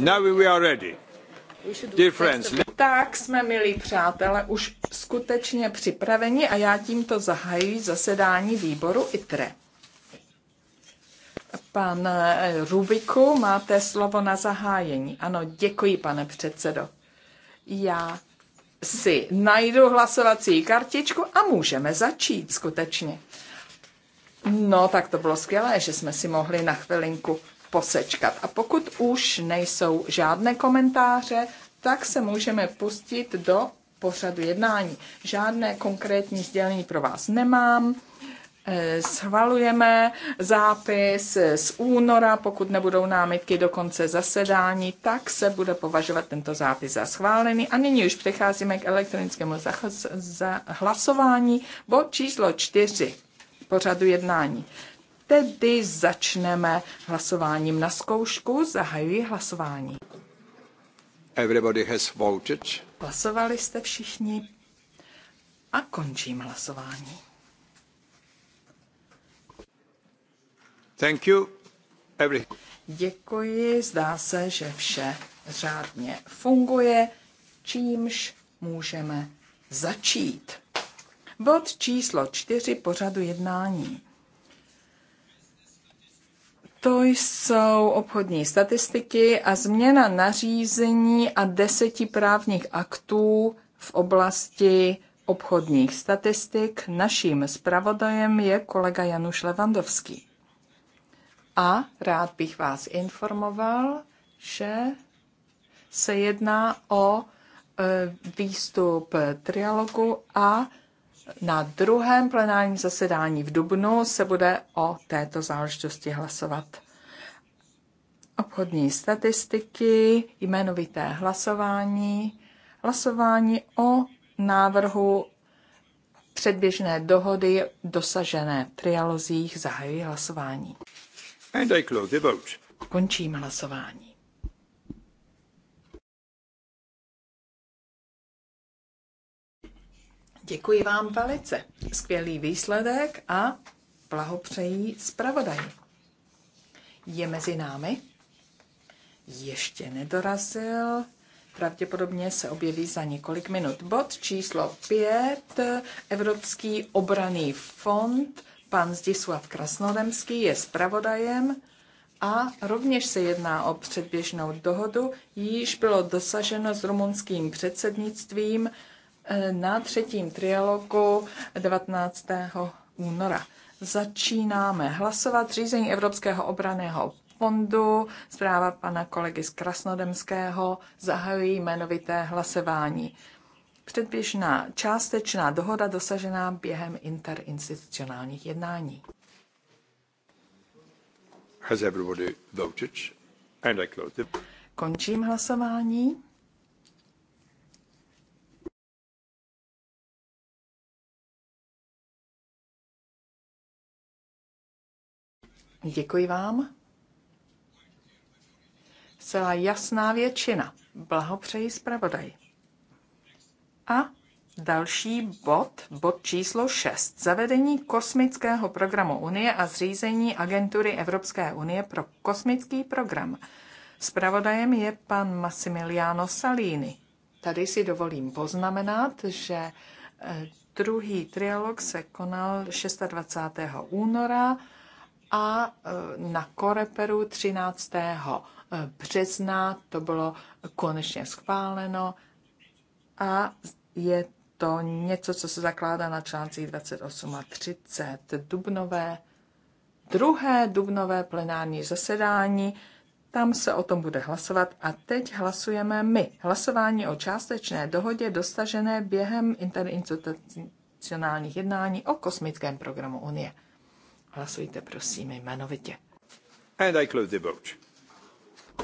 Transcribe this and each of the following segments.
Now we are ready. Tak jsme, milí přátelé, už skutečně připraveni a já tímto zahajuji zasedání výboru ITRE. Pan eh, Rubiku, máte slovo na zahájení. Ano, děkuji, pane předsedo. Já si najdu hlasovací kartičku a můžeme začít skutečně. No, tak to bylo skvělé, že jsme si mohli na chvilinku posečkat. A pokud už nejsou žádné komentáře, tak se můžeme pustit do pořadu jednání. Žádné konkrétní sdělení pro vás nemám. Eh, schvalujeme zápis z února, pokud nebudou námitky do konce zasedání, tak se bude považovat tento zápis za schválený. A nyní už přecházíme k elektronickému hlasování, bod číslo čtyři pořadu jednání tedy začneme hlasováním na zkoušku. Zahajuji hlasování. Everybody has voted. Hlasovali jste všichni a končím hlasování. Thank you. Every... Děkuji, zdá se, že vše řádně funguje, čímž můžeme začít. Bod číslo čtyři pořadu jednání to jsou obchodní statistiky a změna nařízení a deseti právních aktů v oblasti obchodních statistik. Naším zpravodajem je kolega Januš Levandovský. A rád bych vás informoval, že se jedná o e, výstup trialogu a na druhém plenárním zasedání v Dubnu se bude o této záležitosti hlasovat. Obchodní statistiky, jmenovité hlasování, hlasování o návrhu předběžné dohody dosažené v trialozích zahajují hlasování. And I close the vote. Končím hlasování. Děkuji vám velice. Skvělý výsledek a blahopřejí zpravodaji. Je mezi námi? Ještě nedorazil. Pravděpodobně se objeví za několik minut. Bod číslo 5. Evropský obraný fond. Pan Zdislav Krasnodemský je zpravodajem a rovněž se jedná o předběžnou dohodu, již bylo dosaženo s rumunským předsednictvím Eh, na třetím trialogu 19. února. Začínáme hlasovat řízení Evropského obraného fondu, zpráva pana kolegy z Krasnodemského, zahajují jmenovité hlasování. Předběžná částečná dohoda dosažená během interinstitucionálních jednání. Has everybody voted? And I close the... Končím hlasování. Děkuji vám. Celá jasná většina. Blahopřeji zpravodaj. A další bod, bod číslo 6. Zavedení kosmického programu Unie a zřízení agentury Evropské unie pro kosmický program. Spravodajem je pan Massimiliano Salini. Tady si dovolím poznamenat, že eh, druhý trialog se konal 26. února a e, na Koreperu 13. E, března to bylo konečně schváleno a je to něco, co se zakládá na článcích 28 a 30. Dubnové, druhé dubnové plenární zasedání, tam se o tom bude hlasovat a teď hlasujeme my. Hlasování o částečné dohodě dosažené během interinstitucionálních jednání o kosmickém programu Unie. Hlasujte prosím jmenovitě. And I close the vote.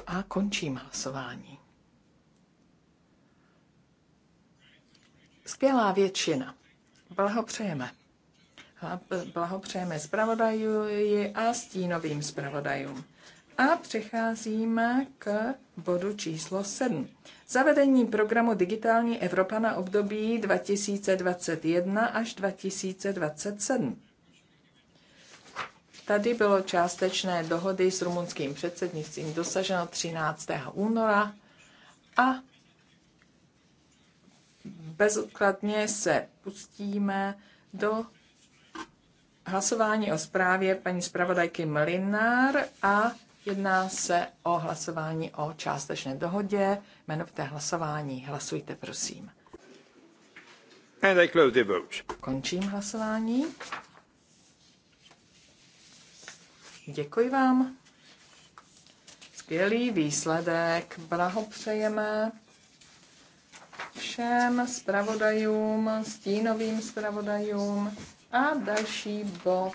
A končím hlasování. Skvělá většina. Blahopřejeme. Blahopřejeme zpravodaji a stínovým zpravodajům. A přecházíme k bodu číslo 7. Zavedení programu Digitální Evropa na období 2021 až 2027. Tady bylo částečné dohody s rumunským předsednictvím dosaženo 13. února a bezodkladně se pustíme do hlasování o zprávě paní zpravodajky Mlinár a jedná se o hlasování o částečné dohodě. Jmenovité hlasování. Hlasujte, prosím. And I close the vote. Končím hlasování. Děkuji vám. Skvělý výsledek. Blahopřejeme všem zpravodajům, stínovým zpravodajům a další bod.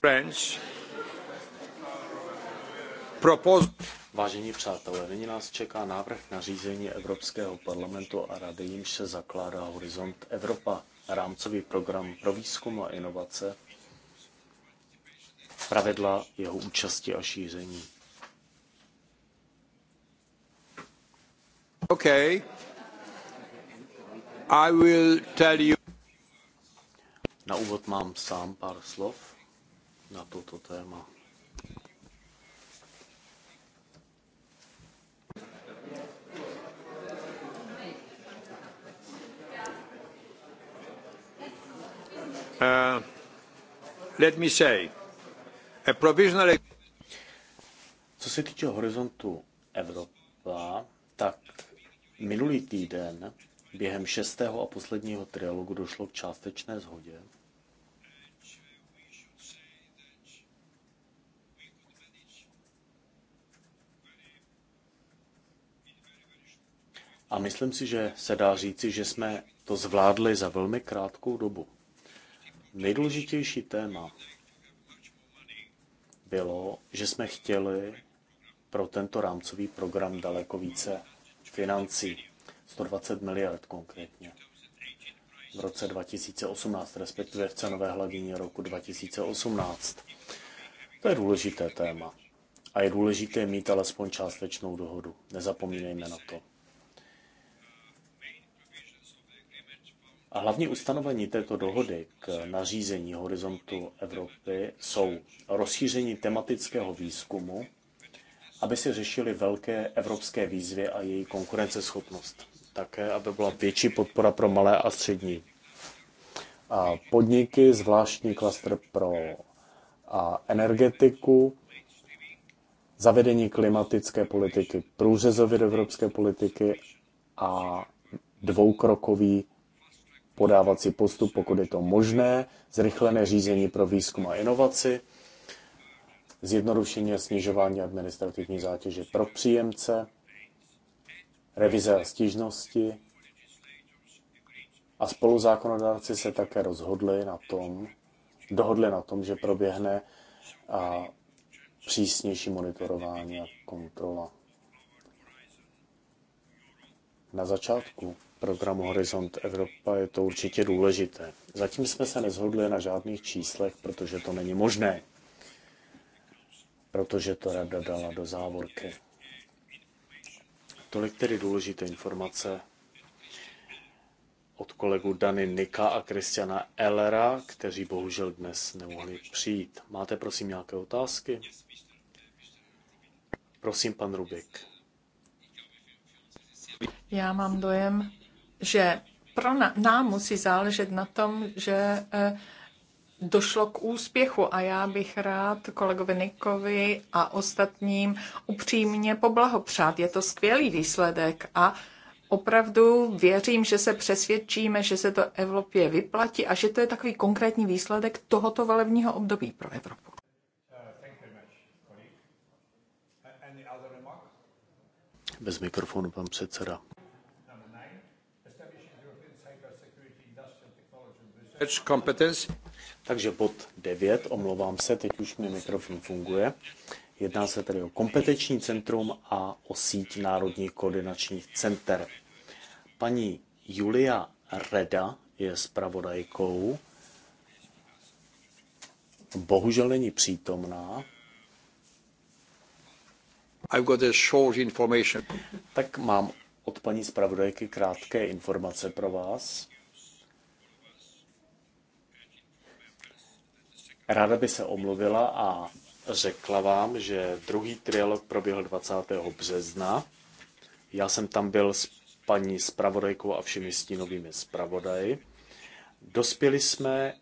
French. Propos- Vážení přátelé, nyní nás čeká návrh na řízení Evropského parlamentu a rady, jimž se zakládá horizont Evropa rámcový program pro výzkum a inovace, pravidla jeho účasti a šíření. Okay. I will tell you. Na úvod mám sám pár slov na toto téma. Uh, let me say, a provisional... Co se týče horizontu Evropa, tak minulý týden během šestého a posledního trialogu došlo k částečné shodě. A myslím si, že se dá říci, že jsme to zvládli za velmi krátkou dobu nejdůležitější téma bylo, že jsme chtěli pro tento rámcový program daleko více financí, 120 miliard konkrétně. V roce 2018, respektive v cenové hladině roku 2018. To je důležité téma. A je důležité mít alespoň částečnou dohodu. Nezapomínejme na to. A hlavní ustanovení této dohody k nařízení Horizontu Evropy jsou rozšíření tematického výzkumu, aby se řešily velké evropské výzvy a její konkurenceschopnost. Také, aby byla větší podpora pro malé a střední a podniky, zvláštní klaster pro a energetiku, zavedení klimatické politiky, průřezově evropské politiky a dvoukrokový podávací postup, pokud je to možné, zrychlené řízení pro výzkum a inovaci, zjednodušení a snižování administrativní zátěže pro příjemce, revize a stížnosti. A spoluzákonodárci se také rozhodli na tom, dohodli na tom, že proběhne a přísnější monitorování a kontrola. Na začátku programu Horizont Evropa je to určitě důležité. Zatím jsme se nezhodli na žádných číslech, protože to není možné. Protože to rada dala do závorky. Tolik tedy důležité informace od kolegů Dany Nika a Kristiana Ellera, kteří bohužel dnes nemohli přijít. Máte prosím nějaké otázky? Prosím, pan Rubik. Já mám dojem, že pro na, nám musí záležet na tom, že eh, došlo k úspěchu a já bych rád kolegovi Nikovi a ostatním upřímně poblahopřát. Je to skvělý výsledek a opravdu věřím, že se přesvědčíme, že se to Evropě vyplatí a že to je takový konkrétní výsledek tohoto volebního období pro Evropu. Bez mikrofonu pan předseda. Takže bod 9, omlouvám se, teď už mi mikrofon funguje. Jedná se tedy o kompetenční centrum a o síť národních koordinačních center. Paní Julia Reda je zpravodajkou. Bohužel není přítomná. I've got a short information. Tak mám od paní zpravodajky krátké informace pro vás. Ráda by se omluvila a řekla vám, že druhý trialog proběhl 20. března. Já jsem tam byl s paní spravodajkou a všemi stínovými spravodaji. Dospěli jsme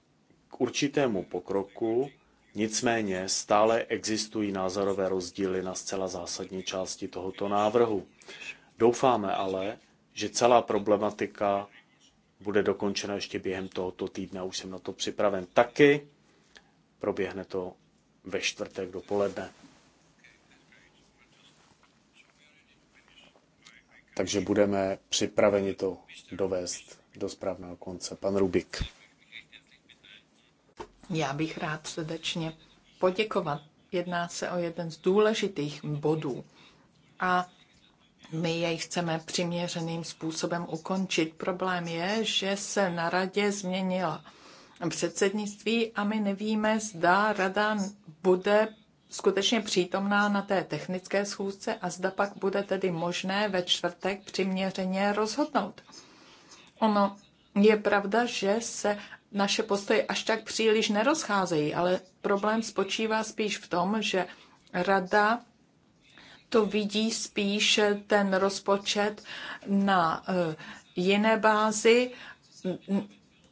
k určitému pokroku, nicméně stále existují názorové rozdíly na zcela zásadní části tohoto návrhu. Doufáme ale, že celá problematika bude dokončena ještě během tohoto týdne, už jsem na to připraven taky. Proběhne to ve čtvrtek dopoledne. Takže budeme připraveni to dovést do správného konce. Pan Rubik. Já bych rád srdečně poděkovat. Jedná se o jeden z důležitých bodů a my jej chceme přiměřeným způsobem ukončit. Problém je, že se na radě změnila předsednictví a my nevíme, zda rada bude skutečně přítomná na té technické schůzce a zda pak bude tedy možné ve čtvrtek přiměřeně rozhodnout. Ono je pravda, že se naše postoje až tak příliš nerozcházejí, ale problém spočívá spíš v tom, že rada to vidí spíš ten rozpočet na eh, jiné bázi,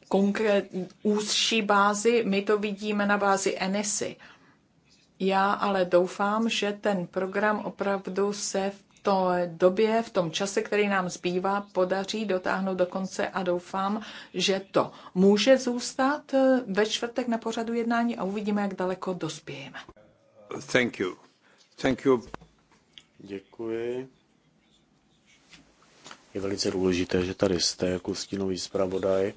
konkrétní úzší bázi, my to vidíme na bázi Enisy. Já ale doufám, že ten program opravdu se v té době, v tom čase, který nám zbývá, podaří dotáhnout do konce a doufám, že to může zůstat eh, ve čtvrtek na pořadu jednání a uvidíme, jak daleko dospějeme. Thank you. Thank you. Děkuji. Je velice důležité, že tady jste jako stínový zpravodaj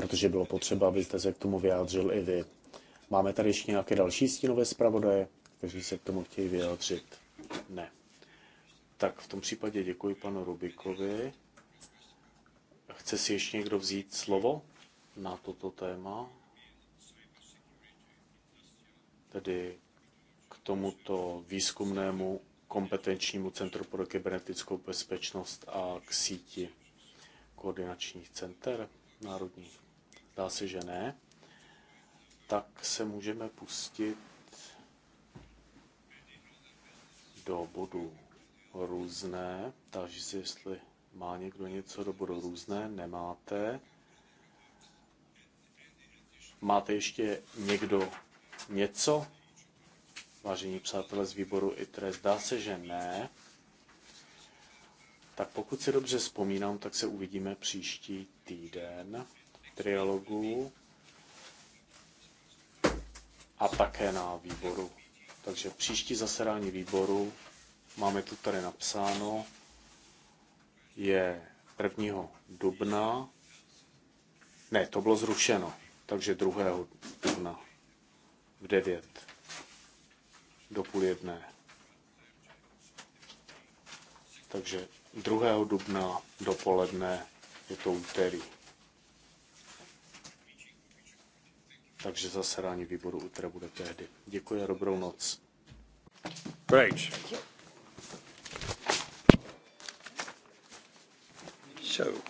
protože bylo potřeba, abyste se k tomu vyjádřil i vy. Máme tady ještě nějaké další stínové zpravodaje, kteří se k tomu chtějí vyjádřit? Ne. Tak v tom případě děkuji panu Rubikovi. Chce si ještě někdo vzít slovo na toto téma? Tedy k tomuto výzkumnému kompetenčnímu centru pro kybernetickou bezpečnost a k síti koordinačních center národních. Zdá se, že ne. Tak se můžeme pustit do bodu různé. Takže si, jestli má někdo něco do bodu různé, nemáte. Máte ještě někdo něco? Vážení přátelé z výboru ITRE, zdá se, že ne. Tak pokud si dobře vzpomínám, tak se uvidíme příští týden trialogu a také na výboru. Takže příští zasedání výboru, máme tu tady napsáno, je 1. dubna. Ne, to bylo zrušeno, takže 2. dubna v 9 do půl jedné. Takže 2. dubna dopoledne je to úterý. takže zasedání výboru útra bude tehdy. Děkuji a dobrou noc. Great. So.